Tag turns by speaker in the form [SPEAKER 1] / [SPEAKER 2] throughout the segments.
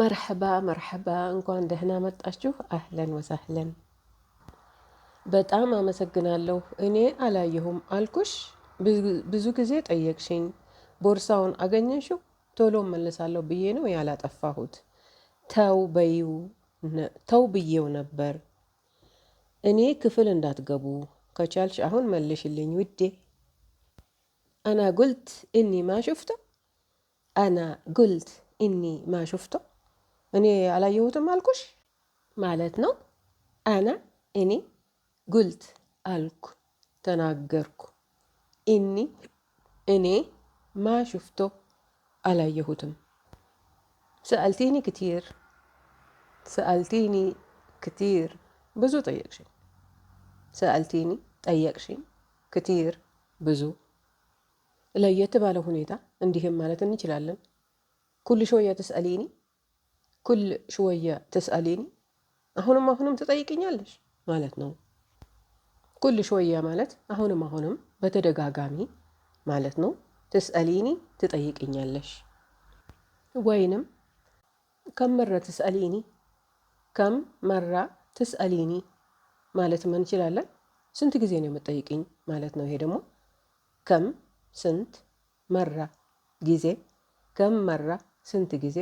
[SPEAKER 1] መርሐባ መርሐባ፣ እንኳን ደህና መጣችሁ። አህለን ወሳህለን። በጣም አመሰግናለሁ። እኔ አላየሁም አልኩሽ፣ ብዙ ጊዜ ጠየቅሽኝ። ቦርሳውን አገኘሽው? ቶሎ መለሳለሁ ብዬ ነው ያላጠፋሁት። ተው በይው፣ ተው ብዬው ነበር። እኔ ክፍል እንዳትገቡ ከቻልሽ አሁን መልሽልኝ ውዴ። አና ጉልት እኒ ማሹፍቶ አና ጉልት እኒ ማሹፍቶ እኔ አላየሁትም አልኩሽ ማለት ነው። አና እኔ ጉልት አልኩ ተናገርኩ። እኒ እኔ ማ ሽፍቶ አላየሁትም። ሰአልቲኒ ክቲር ሰአልቲኒ ክቲር ብዙ ጠየቅሽኝ። ሰአልቲኒ ጠየቅሽኝ። ክቲር ብዙ ለየት ባለ ሁኔታ እንዲህም ማለት እንችላለን። ኩል ሾየ ተስአሊኒ ኩል ሽወያ ትስአሌኒ አሁንም አሁንም ትጠይቅኛለሽ ማለት ነው። ኩል ሽወያ ማለት አሁንም አሁንም በተደጋጋሚ ማለት ነው። ትስአሌኒ ትጠይቅኛለሽ ወይንም ከም መራ ትስአሌኒ ከም መራ ትስአሌኒ ማለት ምን እንችላለን? ስንት ጊዜ ነው የምጠይቅኝ ማለት ነው። ይሄ ደግሞ ከም ስንት መራ ጊዜ፣ ከም መራ ስንት ጊዜ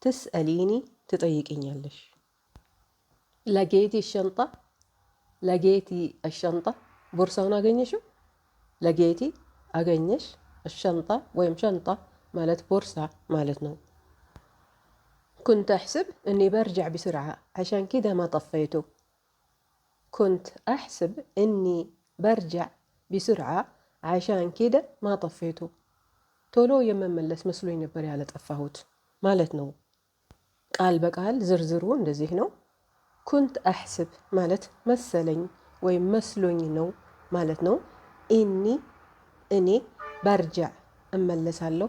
[SPEAKER 1] تسأليني تطيقيني تطيقينيلش لقيتي الشنطة؟ لقيتي الشنطة؟ بورسون أغنيشو؟ لقيتي أغنيش الشنطة ويم شنطة مالت بورصة مالت نوم كنت أحسب أني برجع بسرعة عشان كده ما طفيته كنت أحسب أني برجع بسرعة عشان كده ما طفيته تولو يمم ملس مسلوين بريالة أفهوت مالت نوم ቃል በቃል ዝርዝሩ እንደዚህ ነው። ኩንት አሕስብ ማለት መሰለኝ ወይም መስሎኝ ነው ማለት ነው። ኢኒ እኔ በርጃዕ እመለሳለሁ፣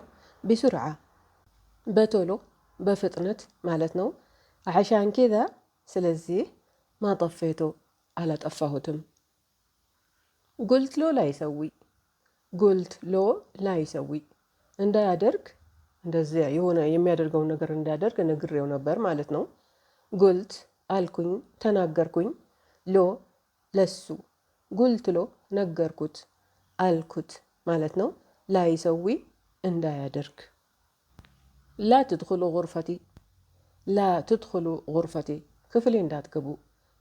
[SPEAKER 1] ቢሱርዓ በቶሎ በፍጥነት ማለት ነው። ዓሻን ኬዛ ስለዚህ ማጠፌቶ አላጠፋሁትም። ጉልት ሎ ላይሰዊ ጉልት ሎ ላይሰዊ እንዳያደርግ እንደዚያ የሆነ የሚያደርገውን ነገር እንዳደርግ ነግሬው ነበር ማለት ነው። ጉልት አልኩኝ፣ ተናገርኩኝ። ሎ ለሱ ጉልት ሎ ነገርኩት፣ አልኩት ማለት ነው። ላይሰዊ እንዳያደርግ። ላ ትድኹሉ ጉርፈቲ፣ ላ ትድኹሉ ጉርፈቲ ክፍሌ እንዳትገቡ፣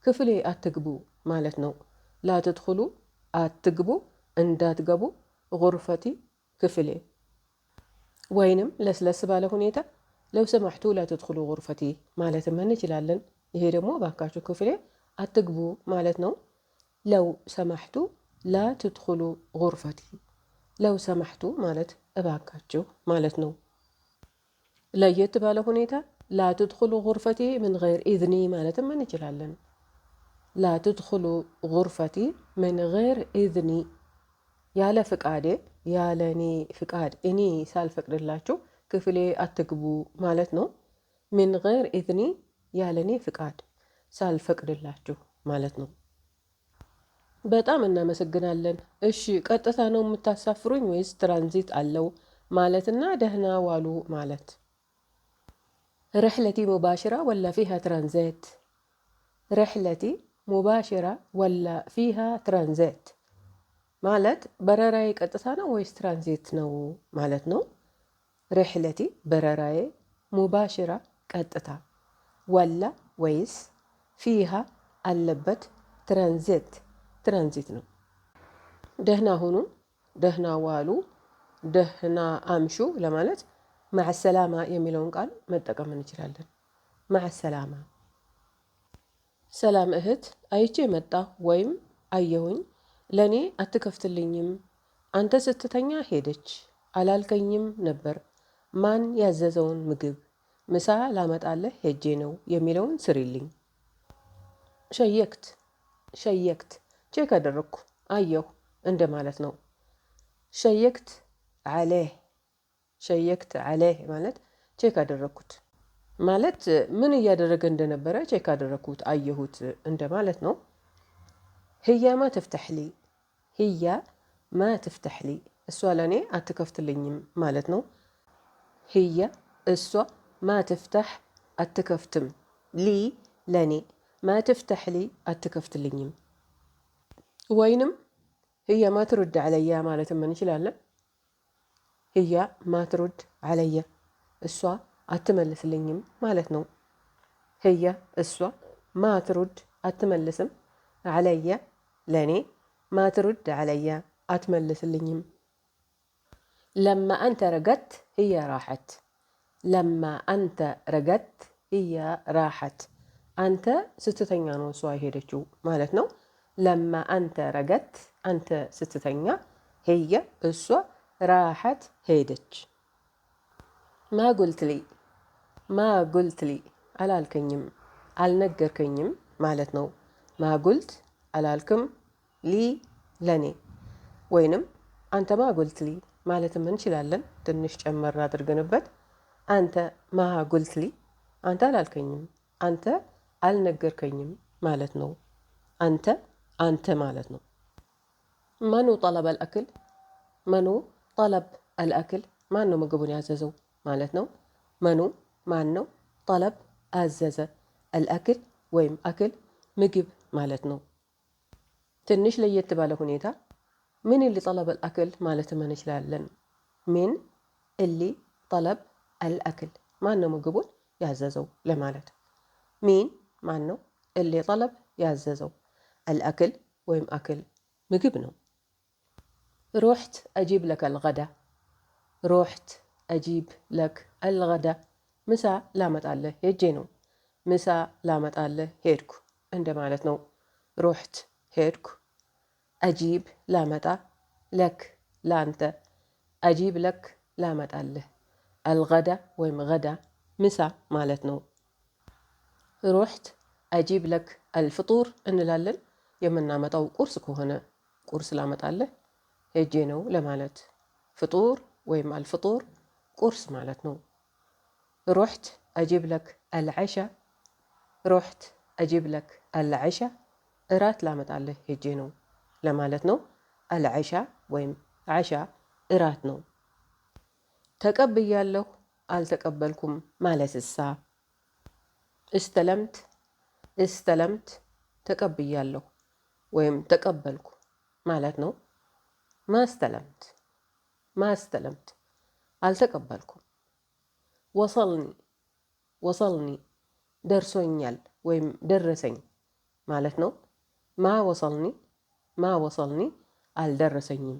[SPEAKER 1] ክፍሌ አትግቡ ማለት ነው። ላ ትድኹሉ አትግቡ፣ እንዳትገቡ፣ ጉርፈቲ ክፍሌ ወይንም ለስለስ ባለ ሁኔታ ለው ሰማሕቱ ላተድኹሉ ጉርፈቲ ማለትም እንችላለን። ይሄ ደግሞ ባካችሁ ክፍሌ አትግቡ ማለት ነው። ለው ሰማሕቱ ላትድኹሉ ጉርፈቲ፣ ለው ሰማሕቱ ማለት እባካችሁ ማለት ነው። ለየት ባለ ሁኔታ ላትድኹሉ ጉርፈቲ ምን ገይር ኢዝኒ ማለትም እንችላለን። ላትድኹሉ ጉርፈቲ ምን ገይር ኢዝኒ ያለ ፍቃዴ ያለ እኔ ፍቃድ እኔ ሳልፈቅድላችሁ ክፍሌ አትግቡ ማለት ነው። ምን ገይር እዝኒ ያለ እኔ ፍቃድ ሳልፈቅድላችሁ ማለት ነው። በጣም እናመሰግናለን። እሺ ቀጥታ ነው የምታሳፍሩኝ ወይስ ትራንዚት አለው ማለትና ደህና ዋሉ ማለት። ረሕለቲ ሙባሽራ ወላ ፊሃ ትራንዘት። ረሕለቲ ሙባሽራ ወላ ፊሃ ትራንዘት ማለት በረራዬ ቀጥታ ነው ወይስ ትራንዚት ነው ማለት ነው። ርሕለቲ በረራዬ፣ ሙባሽራ ቀጥታ፣ ወላ ወይስ ፊሃ አለበት ትራንዚት ትራንዚት ነው። ደህና ሁኑ፣ ደህና ዋሉ፣ ደህና አምሹ ለማለት ማዕሰላማ የሚለውን ቃል መጠቀም እንችላለን። ማዕሰላማ ሰላም እህት፣ አይቼ መጣ ወይም አየሁኝ ለእኔ አትከፍትልኝም አንተ ስትተኛ ሄደች አላልከኝም ነበር ማን ያዘዘውን ምግብ ምሳ ላመጣለህ ሄጄ ነው የሚለውን ስሪልኝ። ሸየክት ሸየክት ቼክ አደረግኩ አየሁ እንደ ማለት ነው። ሸየክት አሌህ ሸየክት አሌህ ማለት ቼክ አደረግኩት ማለት ምን እያደረገ እንደነበረ ቼክ አደረግኩት አየሁት እንደ ማለት ነው። هي ما تفتح لي هي ما تفتح لي السؤالاني اتكفت اللي مالتنو هي السو ما تفتح اتكفتم لي لاني ما تفتح لي اتكفت اللي وينم هي ما ترد علي مالت من شلال هي ما ترد علي السو اتملس اللي مالتنو هي السو ما ترد اتملسم አለየ ለእኔ ማትሩድ አለየ አትመልስልኝም። ለማ አንተ ረገት ህየ ራሐት ለማ አንተ ረገት ህየ ራሐት አንተ ስትተኛ ነው እሷ ሄደችው ማለት ነው። ለማ አንተ ረገት አንተ ስትተኛ ህየ እሷ ራሐት ሄደች። ማ ጉልትሊ ማ ጉልትሊ አላልከኝም አልነገርከኝም ማለት ነው። ማጉልት አላልክም ሊ ለኔ ወይንም አንተ ማጉልት ሊ ማለትም እንችላለን። ትንሽ ጨመር አድርገንበት አንተ ማጉልት ሊ አንተ አላልከኝም፣ አንተ አልነገርከኝም ማለት ነው። አንተ አንተ ማለት ነው። መኑ ጠለብ አልአክል፣ መኑ ጠለብ አልአክል፣ ማን ነው ምግቡን ያዘዘው ማለት ነው። መኑ ማን ነው፣ ጠለብ አዘዘ፣ አልአክል ወይም አክል ምግብ ማለት ነው። ትንሽ ለየት ባለ ሁኔታ ምን እሊ ጠለብ አልአክል ማለትም እንችላለን። ምን እሊ ጠለብ አልአክል ማን ነው ምግቡን ያዘዘው ለማለት ሚን ማን ነው እሊ ጠለብ ያዘዘው አልአክል ወይም አክል ምግብ ነው። ሩሕት አጂብ ለክ አልገዳ ሩሕት አጂብ ለክ አልገዳ ምሳ ላመጣለህ ሄጄ ነው ምሳ ላመጣለህ ሄድኩ እንደ ማለት ነው። ሮሕት ሄድኩ። አጂብ ላመጣ፣ ለክ ለአንተ፣ አጂብ ለክ ላመጣልህ። አልገዳ ወይም ገዳ ምሳ ማለት ነው። ሮሕት አጂብ ለክ አልፍጡር እንላለን የምናመጣው ቁርስ ከሆነ ቁርስ ላመጣልህ ሄጄ ነው ለማለት። ፍጡር ወይም አልፍጡር ቁርስ ማለት ነው። ሮሕት አጂብ ለክ አልዓሻ ሮሕት አጂብ ለክ አልዓሻ እራት ላመጣለህ ሄጄ ነው ለማለት ነው። አልዓሻ ወይም ዓሻ እራት ነው። ተቀብያለሁ አልተቀበልኩም ማለትሳ እስተለምት እስተለምት ተቀብያለሁ ወይም ተቀበልኩ ማለት ነው። ማስተለምት ማስተለምት አልተቀበልኩም። ወሰልኒ ወሰልኒ ደርሶኛል ወይም ደረሰኝ ማለት ነው። ማ ወሰልኒ ማ ወሰልኒ አልደረሰኝም።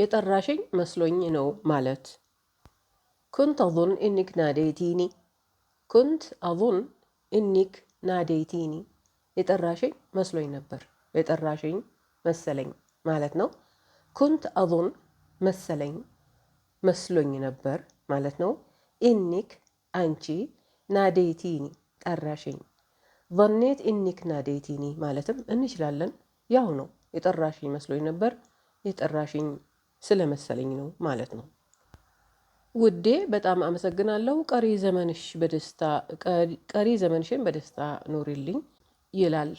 [SPEAKER 1] የጠራሽኝ መስሎኝ ነው ማለት። ኩንት አظን እኒክ ናዴቲኒ ኩንት አظን እኒክ ናዴቲኒ የጠራሽኝ መስሎኝ ነበር። የጠራሽኝ መሰለኝ ማለት ነው። ኩንት አظን መሰለኝ መስሎኝ ነበር ማለት ነው። ኢኒክ አንቺ ናዴቲኒ። ጠራሽኝ። ቫኔት ኢኒክና ዴቲኒ ማለትም እንችላለን። ያው ነው የጠራሽኝ መስሎኝ ነበር፣ የጠራሽኝ ስለመሰለኝ ነው ማለት ነው። ውዴ በጣም አመሰግናለሁ። ቀሪ ዘመንሽ በደስታ ቀሪ ዘመንሽን በደስታ ኖርልኝ ይላል።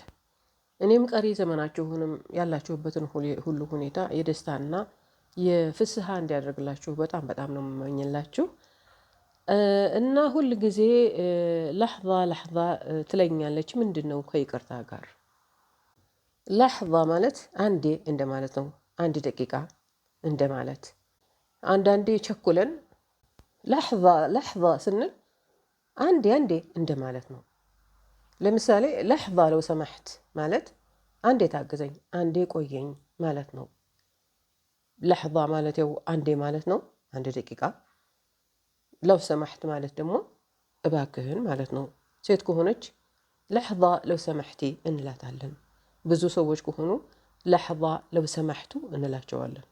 [SPEAKER 1] እኔም ቀሪ ዘመናችሁንም ያላችሁበትን ሁሉ ሁኔታ የደስታና የፍስሐ እንዲያደርግላችሁ በጣም በጣም ነው የምመኝላችሁ። እና ሁል ጊዜ ላህዛ ላህዛ ትለኛለች ምንድነው ከይቅርታ ጋር ላህዛ ማለት አንዴ እንደማለት ነው። አንድ ደቂቃ እንደማለት አንዳንዴ ቸኩለን ላህዛ ላህዛ ስንል አንዴ አንዴ እንደማለት ነው። ለምሳሌ ላህዛ ለው ሰማሕት ማለት አንዴ ታግዘኝ፣ አንዴ ቆየኝ ማለት ነው። ላህዛ ማለት ያው አንዴ ማለት ነው። አንድ ደቂቃ ለው ሰማሕት ማለት ደግሞ እባክህን ማለት ነው። ሴት ከሆነች ለሕዛ ለው ሰማሕቲ እንላታለን። ብዙ ሰዎች ከሆኑ ለሕዛ ለው ሰማሕቱ እንላቸዋለን።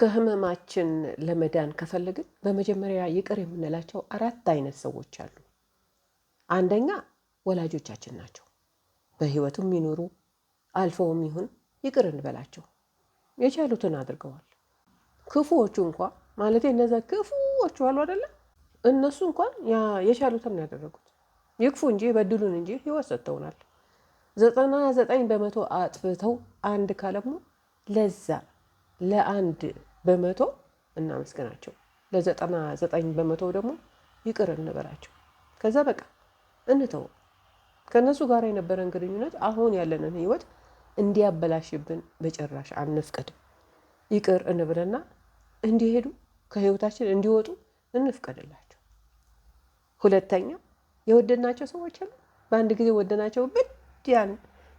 [SPEAKER 1] ከህመማችን ለመዳን ከፈለግን በመጀመሪያ ይቅር የምንላቸው አራት አይነት ሰዎች አሉ። አንደኛ ወላጆቻችን ናቸው። በህይወቱም ይኖሩ አልፈውም ይሁን ይቅር እንበላቸው። የቻሉትን አድርገዋል። ክፉዎቹ እንኳ ማለት እነዚ ክፉዎቹ አሉ አይደለም እነሱ እንኳን የቻሉትን ነው ያደረጉት። ይክፉ እንጂ በድሉን እንጂ ህይወት ሰጥተውናል። ዘጠና ዘጠኝ በመቶ አጥፍተው አንድ ካለሙ ለዛ ለአንድ በመቶ እናመስግናቸው። ለዘጠና ዘጠኝ በመቶ ደግሞ ይቅር እንበላቸው። ከዛ በቃ እንተው። ከእነሱ ጋር የነበረን ግንኙነት አሁን ያለንን ህይወት እንዲያበላሽብን በጭራሽ አንፍቀድም። ይቅር እንብልና እንዲሄዱ ከህይወታችን እንዲወጡ እንፍቀድላቸው። ሁለተኛ የወደድናቸው ሰዎች አሉ። በአንድ ጊዜ ወደናቸው ብድ ያን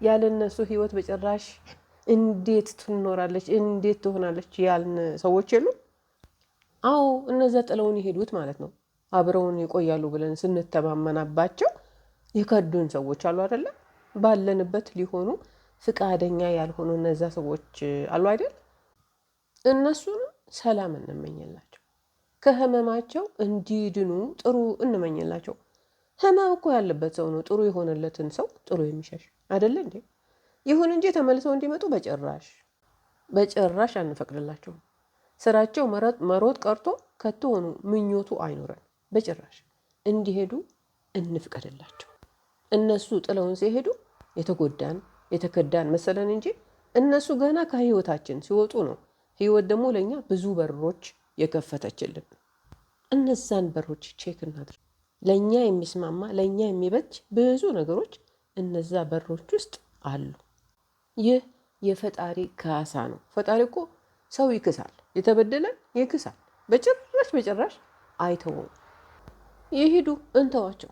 [SPEAKER 1] ያለ እነሱ ህይወት በጭራሽ እንዴት ትኖራለች እንዴት ትሆናለች ያልን ሰዎች የሉ። አዎ እነዚያ ጥለውን የሄዱት ማለት ነው አብረውን ይቆያሉ ብለን ስንተማመናባቸው የከዱን ሰዎች አሉ አይደለም። ባለንበት ሊሆኑ ፍቃደኛ ያልሆኑ እነዛ ሰዎች አሉ አይደል። እነሱን ሰላም እንመኝላቸው፣ ከህመማቸው እንዲድኑ ጥሩ እንመኝላቸው። ህመም እኮ ያለበት ሰው ነው ጥሩ የሆነለትን ሰው ጥሩ የሚሸሽ አይደለ እንዴ? ይሁን እንጂ ተመልሰው እንዲመጡ በጭራሽ በጭራሽ አንፈቅድላቸውም። ስራቸው መሮጥ ቀርቶ ከትሆኑ ምኞቱ አይኖረን በጭራሽ እንዲሄዱ እንፍቀድላቸው። እነሱ ጥለውን ሲሄዱ የተጎዳን የተከዳን መሰለን እንጂ እነሱ ገና ከህይወታችን ሲወጡ ነው ህይወት ደግሞ ለእኛ ብዙ በሮች የከፈተችልን እነዛን በሮች ቼክ እናድርግ። ለእኛ የሚስማማ ለእኛ የሚበጅ ብዙ ነገሮች እነዛ በሮች ውስጥ አሉ። ይህ የፈጣሪ ካሳ ነው። ፈጣሪ እኮ ሰው ይክሳል፣ የተበደለን ይክሳል። በጭራሽ በጭራሽ አይተውም። ይሄዱ እንተዋቸው።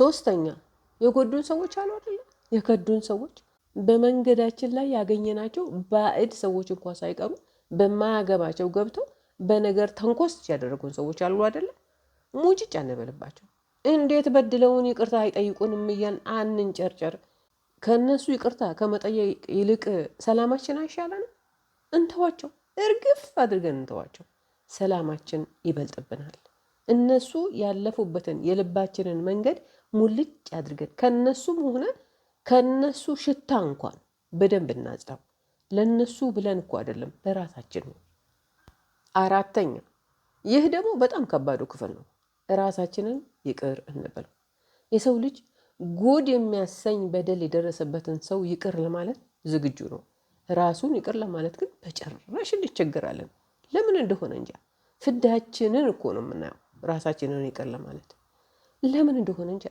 [SPEAKER 1] ሶስተኛ የጎዱን ሰዎች አሉ አይደለ? የከዱን ሰዎች በመንገዳችን ላይ ያገኘናቸው ባዕድ ሰዎች እንኳ ሳይቀሩ በማያገባቸው ገብተው በነገር ተንኮስ ያደረጉን ሰዎች አሉ አይደለም። ሙጭጭ አንበልባቸው። እንዴት በድለውን ይቅርታ አይጠይቁንም እያን አንንጨርጨር። ከእነሱ ይቅርታ ከመጠየቅ ይልቅ ሰላማችን አይሻለንም? እንተዋቸው፣ እርግፍ አድርገን እንተዋቸው። ሰላማችን ይበልጥብናል። እነሱ ያለፉበትን የልባችንን መንገድ ሙልጭ አድርገን ከእነሱም ሆነን ከነሱ ሽታ እንኳን በደንብ እናጽዳው። ለነሱ ብለን እኮ አይደለም ለራሳችን ነው። አራተኛ፣ ይህ ደግሞ በጣም ከባዱ ክፍል ነው። ራሳችንን ይቅር እንበል። የሰው ልጅ ጉድ የሚያሰኝ በደል የደረሰበትን ሰው ይቅር ለማለት ዝግጁ ነው። ራሱን ይቅር ለማለት ግን በጭራሽ እንቸገራለን። ለምን እንደሆነ እንጃ። ፍዳችንን እኮ ነው የምናየው፣ ራሳችንን ይቅር ለማለት ለምን እንደሆነ እንጃ።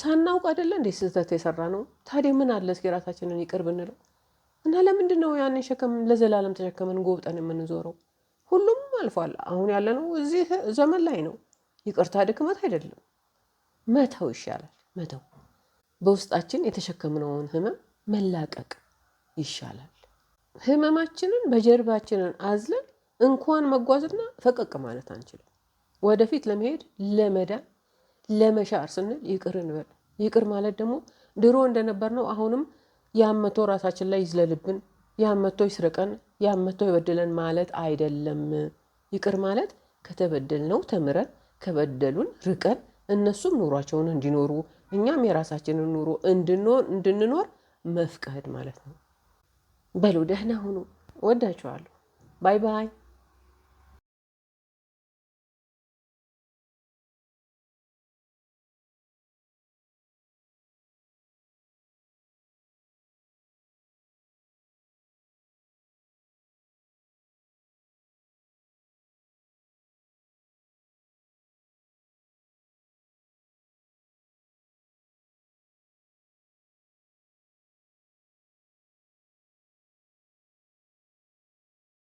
[SPEAKER 1] ሳናውቅ አይደለ እንዴ ስህተት የሰራ ነው። ታዲያ ምን አለ እስኪ ራሳችንን ይቅር ብንለው እና ለምንድን ነው ያንን ሸክም ለዘላለም ተሸክመን ጎብጠን የምንዞረው? ሁሉም አልፏል። አሁን ያለነው እዚህ ዘመን ላይ ነው። ይቅርታ ድክመት አይደለም። መተው ይሻላል። መተው በውስጣችን የተሸከምነውን ህመም መላቀቅ ይሻላል። ህመማችንን በጀርባችንን አዝለን እንኳን መጓዝና ፈቀቅ ማለት አንችልም። ወደፊት ለመሄድ ለመዳን ለመሻር ስንል ይቅር እንበል። ይቅር ማለት ደግሞ ድሮ እንደነበር ነው። አሁንም ያመቶ ራሳችን ላይ ይዝለልብን፣ ያመቶ ይስረቀን፣ ያመቶ ይበድለን ማለት አይደለም። ይቅር ማለት ከተበደልነው ተምረን ከበደሉን ርቀን እነሱም ኑሯቸውን እንዲኖሩ እኛም የራሳችንን ኑሮ እንድንኖር መፍቀድ ማለት ነው። በሉ ደህና ሁኑ። ወዳችኋለሁ። ባይ ባይ።